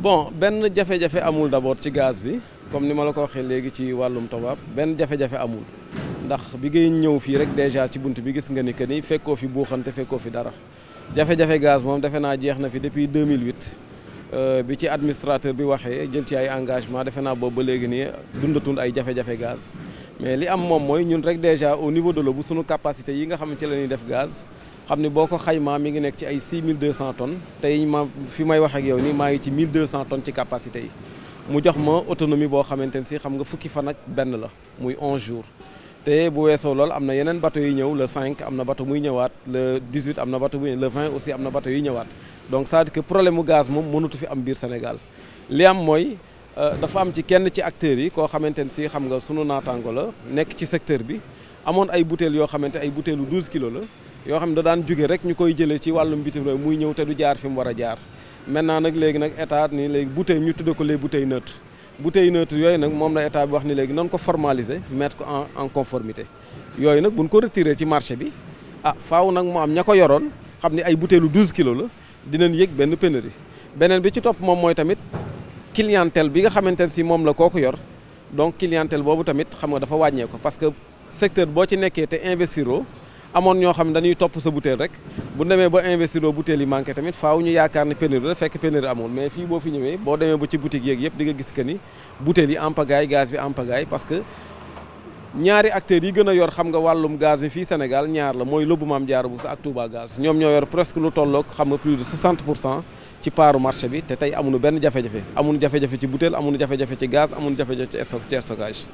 bon benn jafe-jafe amul d'abord ci gaz bi comme ni ma la ko waxee léegi ci wàllum tubaab benn jafe-jafe amul ndax bi ngay ñëw fii rek déjà ci bunt bi gis nga ni que ni fekkoo fi buuxante fekkoo fi dara jafe-jafe gaz moom defe naa jeex na fi depuis 2008. Euh, bi ci administrateur bi waxee jël ci ay engagement defe naa boobu ba léegi nii dundatul ay jafe-jafe gaz mais li am moom mooy ñun rek déjà au niveau de l'eau bu sunu capacité yi nga xam ne ci la def gaz xam ni boo ko xaymaa mi ngi nekk ci ay 6200 tonnes tey ma fi may wax ak yow nii maa ngi ci 1200 tonnes ci capacité yi mu jox ma autonomie boo xamante ne si xam nga fukki fan ak benn la muy 11 jours te bu weesoo lool am na yeneen bato yi ñëw la cinq am na bateau muy ñëwaat le 18 am na bateau muy le 20 aussi am na bateau yi ñëwaat donc cest à que problème mu gaz moom mënatu fi am biir Sénégal li am mooy. Euh, dafa am ci kenn ci acteurs yi koo xamante ne si xam nga sunu naataango la nekk ci secteur bi amoon ay butéel yoo xamante ay butéelu 12 kilos la yoo xam ne da jóge rek ñu koy jëlee ci wàllum bitim réew ñëw te du jaar fi mu war a jaar maintenant nag léegi nag état ni léegi bouteille ñu tudde ko les bouteilles neutres bouteilles yooyu nag moom la état bi wax ni léegi nan ko formaliser mettre ko en en conformité yooyu nag buñ ko retirer ci marché bi ah faaw nag mu am ña ko yoroon xam ni ay bouteilles lu kilos la dinañ yëg benn pénurie beneen bi ci topp moom mooy tamit clientèle bi nga xamante ne si moom la kooku yor donc clientèle boobu tamit xam nga dafa wàññeeku parce que secteur boo ci nekkee te investiroo amoon ñoo xam ne dañuy topp sa butéel rek bu demee ba investiroo butéel yi manqué tamit faaw ñu yaakaar ne pénurie la fekk pénurie amul mais fii boo fi ñëwee boo demee ba ci boutique yeeg yëpp di nga gis que ni butéel yi en gaz bi en parce que ñaari acteurs yi gën a yor xam nga wàllum gaz yi fii Sénégal ñaar la mooy Lobou Mame Diarra Bousso ak Touba Gaz ñoom ñoo yor presque lu tolloog xam nga plus de 60 pour cent ci paaru marché bi te tey amuñu benn jafe-jafe amuñu jafe-jafe ci bouteille amuñu jafe-jafe ci gaz amuñu jafe-jafe ci stockage